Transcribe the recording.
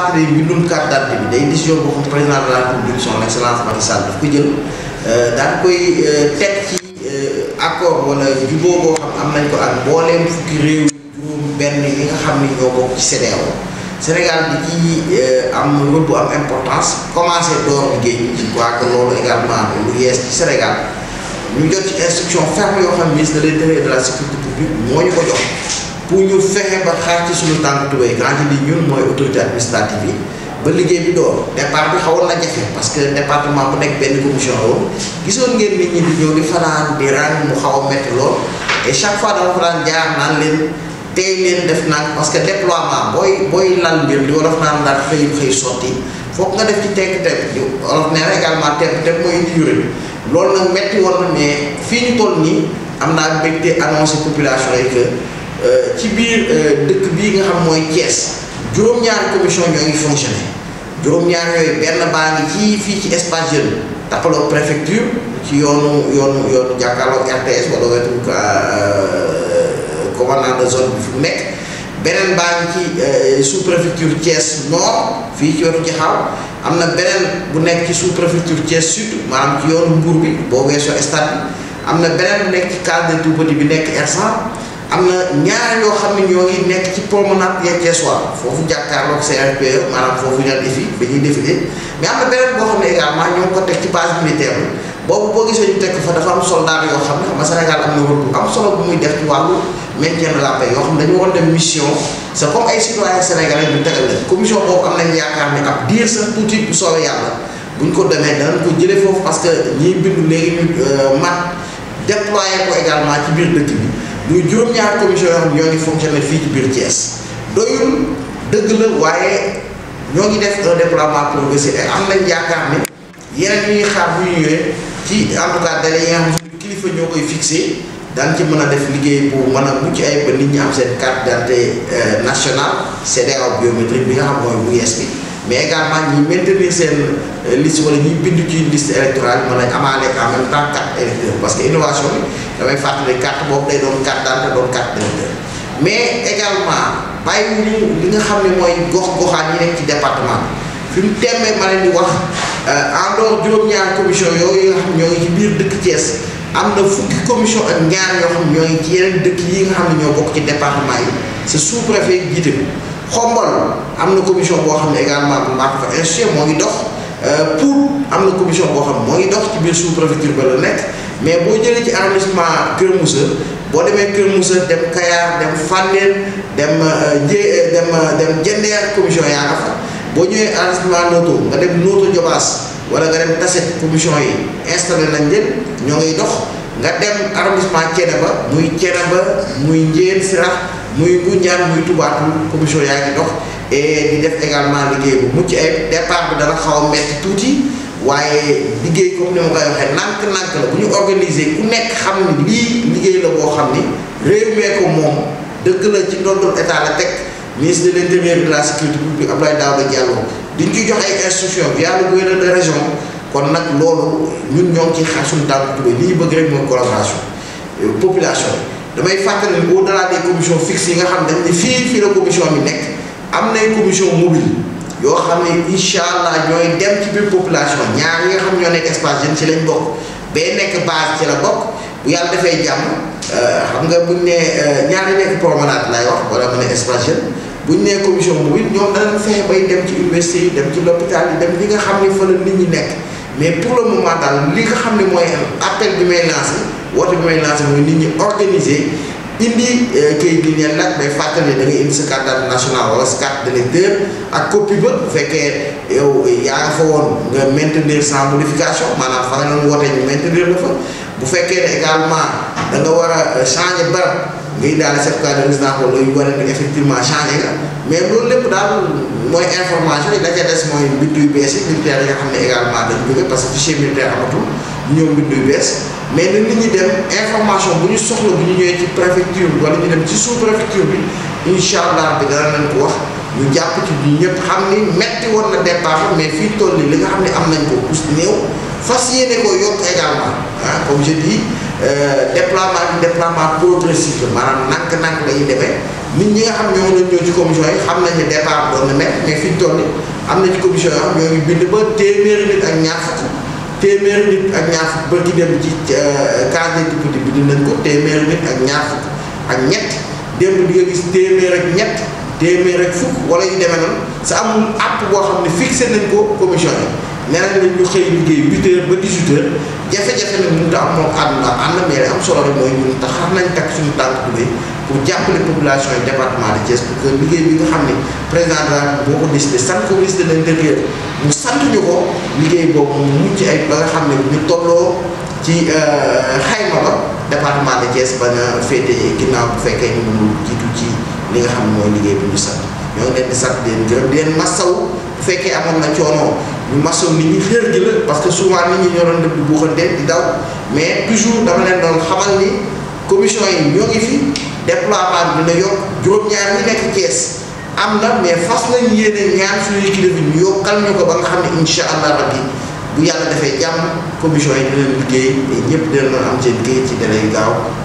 fàttali mbindum la république son excellence ko jël euh, daan koy euh, euh, am nañ ko ak mbooleem fukki réew juróom benn yi nga xam ni ñoo bokk ci CEDEAO Sénégal di ci am rôle bu am importance commencé door liggéey bi je crois que loolu également lu yees ci Sénégal ñu jot ci instruction ferme yoo xam ministre de l'intérieur et de la sécurité publique moo ñu ko jox pour ñu fexe ba xaar ci suñu tànk tubéy grandi li ñun mooy autorité administrative ba liggéey bi door départ bi xawoon na jafe parce que département bu nekk benn commission la woon gisoon ngeen nit ñi di ñëw di fanaan di ràng mu xaw a métti lool et chaque fois dama fa daan jaar naan leen tey leen def naan parce que déploiement booy booy lal mbir li wolof naan daal xëy xëy sotti foog nga def ci tekk tepp di wolof nee na également tepp mooy indi yurébi loolu na mais fii ñu toll nii am naa mbégte annoncé population yi que Euh, ci biir euh, dëkk bii nga xam mooy Thiès juróom-ñaari commission ñoo ngi fonctionné juróom-ñaar yooyu benn baa ngi ci fii ci espace jeune tapaloo préfecture ci yoonu yoonu yoonu jàkkaarloo RTS wala wetu euh, commandant de zone bi fu nekk beneen baa ngi ci sous préfecture Thiès nord fii ci wetu Jaxaaw am na beneen bu nekk ci sous préfecture Thiès sud maanaam ci yoonu Mbour bi boo weesoo stade bi am na beneen bu nekk ci cadre de tout petit bi nekk r am na ñaar yoo xam ne ñoo ngi nekk ci promenade ya Thiessois foofu jàkkaarloog CRPE maanaam foofu ñu defi ba ñuy défilé mais am na beneen boo xam ne également ñoo ngi ko teg ci base militaire bi boobu boo gisee ñu teg fa dafa am soldat yoo xam ne xam nga Sénégal am na rôle bu am solo bu muy def ci wàllu maintien de la paix yoo xam dañu waroon dem mission c' comme ay citoyen sénégalais ñu tegal leen commission boobu am nañ yaakaar ne ab diir sax tuuti bu soobee yàlla buñ ko demee danañ ko jëlee foofu parce que ñiy bind léegi euh, mat déployé ko également ci biir dëkk bi ñu juróom-ñaar commission yoo xam ñoo ngi fonctionner fii ci biir Thiès doyul dëgg la waaye ñoo ngi def un déploiement am nañ yaakaar ni yeneen ñuy xaar bu ñu ñëwee ci en tout cas kilifa ñoo koy fixé daan ci mën a def liggéey pour mën a mucc ay ba nit ñi am seen carte d'identité euh, nationale CEDEAO biométrique bi nga xam mooy bu yees bi mais également ñi maintenir seen euh, liste wala ñuy bind ci liste électorale mën a amaale en même temps carte électorale parce que innovation damay fàttali carte boobu day doon carte daal te doon carte d'électeur mais également bàyyi ñu li nga xam ne mooy gox goxaan yi nekk ci département fi mu temmee ma leen di wax euh, en dehors juróom-ñaar commission yooyu nga xam ñoo ngi ci biir dëkk Thiès am na fukki commission ak ñaar yoo xam ñoo ngi ci yeneen dëkk yi nga xam ne ñoo bokk ci département yi c'est sous-préfet jiite bi xombal am na commission boo xam ne également bu mbaa ko fa moo ngi dox euh, pour am na commission boo xam moo ngi dox ci biir sous-préfecture ba la nekk mais boo jëlee ci arrondissement Kër Moussa boo demee Kër Moussa dem Kayar dem Fandène dem euh, Ndié euh, dem euh, dem Diender commission yaa nga fa boo ñëwee arrondissement Noto nga dem Noto Diobass wala nga dem Tasset commission yi installé nañ de ñoo ngi dox nga dem arrondissement Thiénaba muy Thiénaba muy Ndiéyène Sirakh muy Ngoundiane muy Toubacouta commission yaa ngi dox et di def également liggéey bu mucc ay départ bi dana xaw a metti tuuti. waaye liggéey comme ni ma koy waxee nànk-nànk la bu ñu organiser ku nekk xam ni lii liggéey la boo xam ni réew mee ko moom dëgg la ci ndondol état la teg ministre de l' intérieur bi la sécurité publique Abdoulaye Daouda Diallo diñ ci jox ay bi yàlla le gouverneur région kon nag loolu ñun ñoo ngi ciy xaar suñu tànk tubé li ñu bëgg rek mooy collaboration euh, population bi damay fàttali au delà des commissions yi nga xam ne fii fii la commission bi nekk am nay yoo xam ne incha allah ñooy dem ci biir population ñaar yi nga xam ñoo nekk espace ci lañ bokk bay nekk base ci la bokk bu yàlla defee jàmm euh, xam nga buñ ne euh, ñaari nekk promenade lay wax wala mu ne espace jeune buñ ne commission mobile ñoom danañ fexe bay dem ci université dem ci l'hôpital yi dem li nga xam ne fa la nit ñi nekk mais pour le moment daal li nga xam ne mooy appel bi may lancé woote bi may lancé mooy nit ñi organiser indi kayit nag day fàttali da nasional, indi sa carte d'identité nationale wala sa carte d'électeur ak copie ba bu fekkee yow yaa nga fa woon nga maintenir sans modification maanaam fa nga doon wootee maintenir la fa bu fekkee ne également da nga war a changer barab nga indaale certificat de résidence wala yu wane ne effectivement changé nga mais information yi da ca des mooy mbindu yu bees yi militaire yi nga xam ne également dañ jóge parce mais na nit ñi dem information bu ñu soxla bu ñu ñëwee ci préfecture bi wala ñu dem ci sous préfecture bi incha allah bi dana leen ko wax ñu jàpp ci ñu ñëpp xam ni metti woon na départ mais fii toll nii li nga xam ne am nañ ko us néew fas yéene ko yokk également ah comme je dis euh, déploiement bi déploiement progressif la maanaam nànk-nànk dañuy demee nga xam ñoo doon ñëw ci commission yi xam nañ ne départ doon na métti mais fii toll nii am na ci commission yoo xam bind ba téeméeri nit ak ñaar téeméeri nit ak ñaar fukk bërki dem ci euh, case des députés bi dinañ ko téeméeri nit ak ñaar fukk ak ñett démb di nga gis téeméer ak ñett téeméer ak fukk wala yu demee noonu sa amul àpp boo xam ne fii fixé nañ ko commission yi nee nañ ñu xëy liggéey 8 heures ba 18 heures jafe-jafe nag mënut a am moom na mais am solo rek mooy ñun tax xam nañ takk suñu tànk tubéy pour jàppale population yi département de Thiès liggéey bi nga xam ne président de la boo ko décidé ko de l'intérieur ko liggéey boobu mu mucc ay ba nga xam ne ñu tolloo ci euh, xayma ba département de Thiès ba nga féete ginnaaw bu fekkee ñu mënul jiitu ci li nga xam ne mooy liggéey bi ñu sant ñoo ngi leen di sant di leen gërëm di leen massaw bu fekkee amoon na coono. ñu masoon nit ñi xéer gi la parce que souvent nit ñi ñoo doon def a buuxante di daw mais toujours dama leen doon xamal ni commission yi ñoo ngi fi déploiement bi dina yokk juróom-ñaar ñi nekk Thiès am na mais fas lañ yéene ñaan suñuy kilifa ñu yokkal ñu ko ba nga xam ne incha allah rabbi bu yàlla defee jàmm commission yi dinañ liggéey te ñëpp dinañ am seen kayit ci délai gaaw.